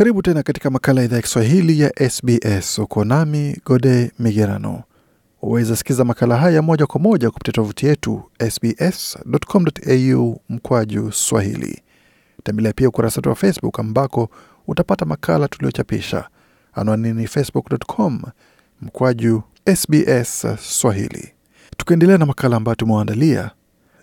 Karibu tena katika makala ya idhaa ya Kiswahili ya SBS. Uko nami Gode Migerano. Waweza sikiza makala haya moja kwa moja kupitia tovuti yetu sbs.com.au mkwaju swahili. Tembelea pia ukurasa wetu wa Facebook ambako utapata makala tuliochapisha. Anwani ni facebook.com mkwaju SBS swahili. Tukiendelea na makala ambayo tumewaandalia,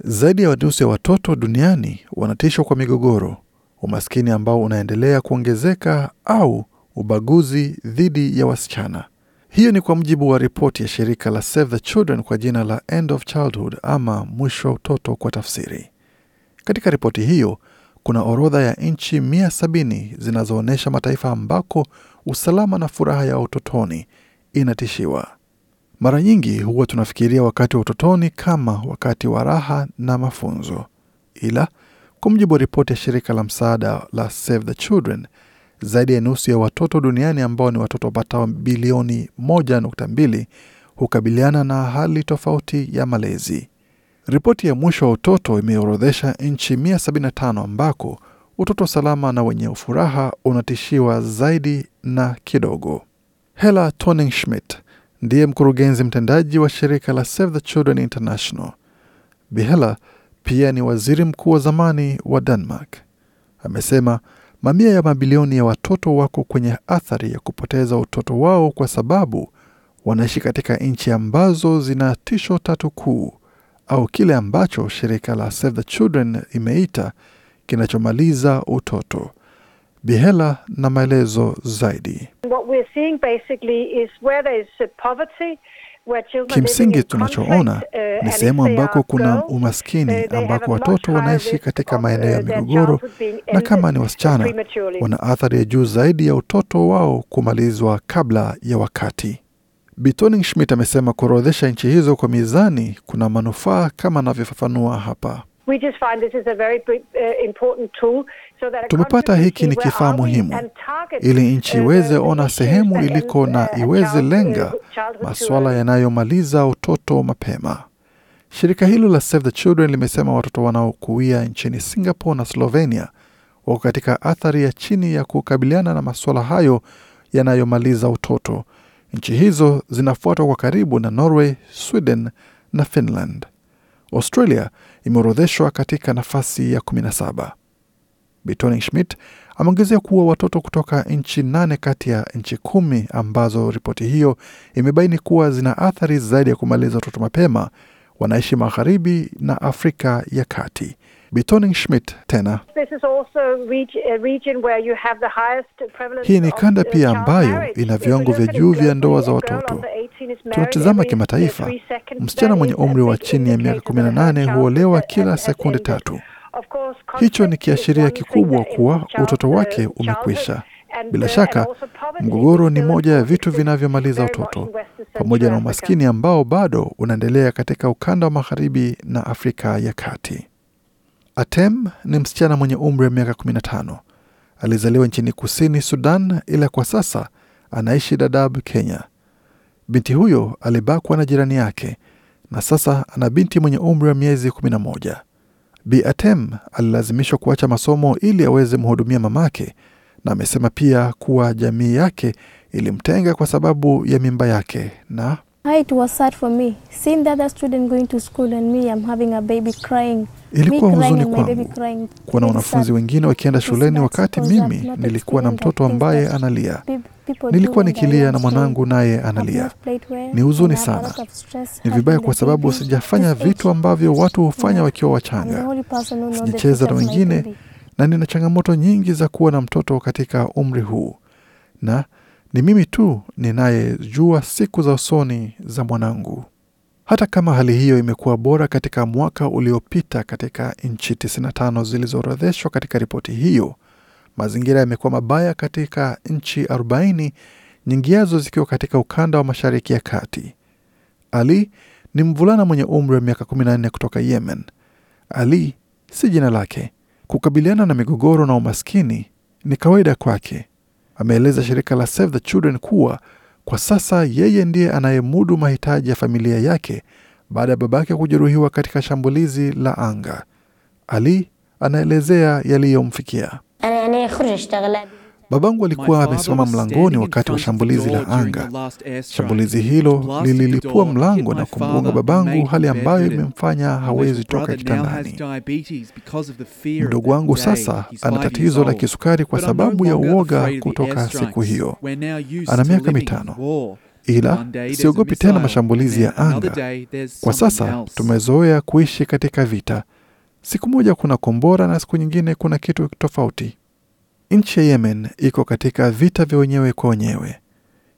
zaidi ya nusu ya watoto duniani wanatishwa kwa migogoro umaskini ambao unaendelea kuongezeka au ubaguzi dhidi ya wasichana. Hiyo ni kwa mujibu wa ripoti ya shirika la Save the Children kwa jina la End of Childhood ama mwisho wa utoto kwa tafsiri. Katika ripoti hiyo kuna orodha ya nchi 70 zinazoonyesha mataifa ambako usalama na furaha ya utotoni inatishiwa. Mara nyingi huwa tunafikiria wakati wa utotoni kama wakati wa raha na mafunzo, ila kwa mujibu wa ripoti ya shirika la msaada la Save the Children, zaidi ya nusu ya watoto duniani ambao ni watoto wapatao bilioni 1.2 hukabiliana na hali tofauti ya malezi. Ripoti ya mwisho wa utoto imeorodhesha nchi 175 ambako utoto salama na wenye furaha unatishiwa zaidi na kidogo. Hela Toning Schmidt ndiye mkurugenzi mtendaji wa shirika la Save the Children International. Bihela pia ni waziri mkuu wa zamani wa Denmark. Amesema mamia ya mabilioni ya watoto wako kwenye athari ya kupoteza utoto wao kwa sababu wanaishi katika nchi ambazo zina tisho tatu kuu au kile ambacho shirika la Save the Children imeita kinachomaliza utoto. Bihela na maelezo zaidi. What we're seeing basically is where there is poverty Kimsingi tunachoona uh, ni sehemu ambako kuna umaskini, uh, ambako watoto wanaishi katika uh, maeneo ya migogoro, na kama ni wasichana, wana athari ya juu zaidi ya utoto wao kumalizwa kabla ya wakati. Bitoning schmidt amesema kuorodhesha nchi hizo kwa mizani kuna manufaa, kama anavyofafanua hapa. Uh, Tumepata hiki ni kifaa muhimu ili nchi uh, iweze ona sehemu iliko na iweze uh, lenga masuala yanayomaliza utoto mapema. Shirika hilo la Save the Children limesema watoto wanaokuia nchini Singapore na Slovenia wako katika athari ya chini ya kukabiliana na masuala hayo yanayomaliza utoto. Nchi hizo zinafuatwa kwa karibu na Norway, Sweden na Finland. Australia imeorodheshwa katika nafasi ya 17. Bitoning Schmidt ameongezea kuwa watoto kutoka nchi nane kati ya nchi kumi ambazo ripoti hiyo imebaini kuwa zina athari zaidi ya kumaliza watoto mapema wanaishi magharibi na Afrika ya kati. Bitoning Schmidt tena hii ni kanda pia ambayo ina viwango vya juu vya ndoa za watoto tunatizama kimataifa, msichana mwenye umri wa chini ya miaka 18 huolewa kila sekunde tatu. Hicho ni kiashiria kikubwa kuwa utoto wake umekwisha. Bila shaka, mgogoro ni moja ya vitu vinavyomaliza utoto, pamoja na umaskini ambao bado unaendelea katika ukanda wa magharibi na Afrika ya kati. Atem ni msichana mwenye umri wa miaka 15. Alizaliwa nchini kusini Sudan, ila kwa sasa anaishi Dadaab, Kenya. Binti huyo alibakwa na jirani yake na sasa ana binti mwenye umri wa miezi 11. Bi Atem alilazimishwa kuacha masomo ili aweze mhudumia mamake, na amesema pia kuwa jamii yake ilimtenga kwa sababu ya mimba yake na ilikuwa huzuni kwangu kuona wanafunzi wengine wakienda shuleni wakati mimi nilikuwa na mtoto ambaye analia. Nilikuwa nikilia na mwanangu naye analia. Ni huzuni sana, ni vibaya kwa sababu sijafanya vitu ambavyo watu hufanya wakiwa wachanga. sijicheza na wengine, na nina changamoto nyingi za kuwa na mtoto katika umri huu, na ni mimi tu ninayejua siku za usoni za mwanangu. Hata kama hali hiyo imekuwa bora katika mwaka uliopita katika nchi 95 zilizoorodheshwa katika ripoti hiyo, Mazingira yamekuwa mabaya katika nchi 40 nyingiazo zikiwa katika ukanda wa mashariki ya kati. Ali ni mvulana mwenye umri wa miaka 14 kutoka Yemen. Ali si jina lake. Kukabiliana na migogoro na umaskini ni kawaida kwake. Ameeleza shirika la Save the Children kuwa kwa sasa yeye ndiye anayemudu mahitaji ya familia yake baada ya babake kujeruhiwa katika shambulizi la anga. Ali anaelezea yaliyomfikia. Babangu alikuwa amesimama mlangoni wakati wa shambulizi la anga. Shambulizi hilo lililipua mlango na kumgonga babangu, hali ambayo imemfanya hawezi toka kitandani. Mdogo wangu sasa ana tatizo la kisukari kwa sababu ya uoga kutoka siku hiyo. Ana miaka mitano ila siogopi tena mashambulizi ya anga. Kwa sasa tumezoea kuishi katika vita. Siku moja kuna kombora na siku nyingine kuna kitu tofauti. Nchi ya Yemen iko katika vita vya wenyewe kwa wenyewe.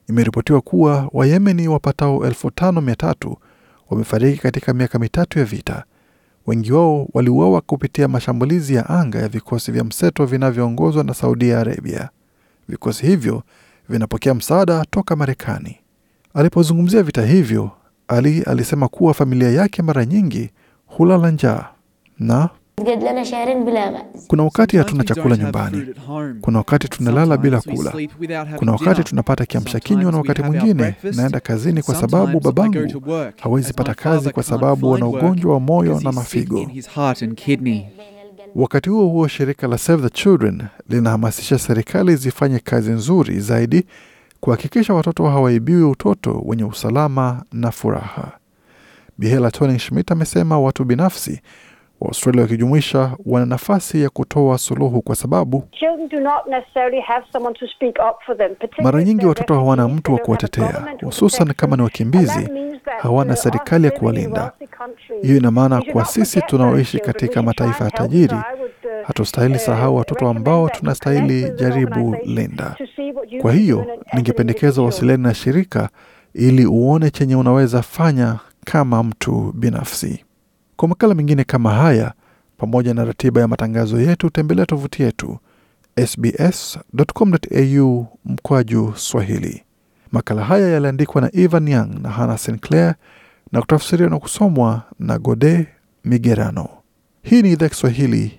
Imeripotiwa kuwa Wayemeni wapatao elfu tano mia tatu wamefariki katika miaka mitatu ya vita. Wengi wao waliuawa kupitia mashambulizi ya anga ya vikosi vya mseto vinavyoongozwa na Saudi Arabia. Vikosi hivyo vinapokea msaada toka Marekani. Alipozungumzia vita hivyo, Ali alisema kuwa familia yake mara nyingi hulala njaa na kuna wakati hatuna chakula nyumbani, kuna wakati tunalala bila kula, kuna wakati tunapata kiamsha kinywa, na wakati mwingine naenda kazini kwa sababu babangu hawezi pata kazi kwa sababu wana ugonjwa wa moyo na mafigo. Wakati huo huo, shirika la Save the Children linahamasisha serikali zifanye kazi nzuri zaidi kuhakikisha watoto hawaibiwi utoto wenye usalama na furaha. Bihela Toning Schmidt amesema watu binafsi Waustralia wakijumuisha wana nafasi ya kutoa suluhu, kwa sababu mara nyingi watoto hawana mtu wa kuwatetea, hususan kama ni wakimbizi, hawana serikali ya kuwalinda. Hiyo ina maana kwa sisi tunaoishi katika mataifa ya tajiri uh, hatustahili uh, sahau watoto ambao tunastahili jaribu linda. Kwa hiyo ningependekeza wasiliani na shirika ili uone chenye unaweza fanya kama mtu binafsi. Kwa makala mengine kama haya, pamoja na ratiba ya matangazo yetu, tembelea tovuti yetu sbs.com.au mkwaju Swahili. Makala haya yaliandikwa na Evan Young na Hannah Sinclair na kutafsiriwa na kusomwa na Gode Migerano. Hii ni idhaa Kiswahili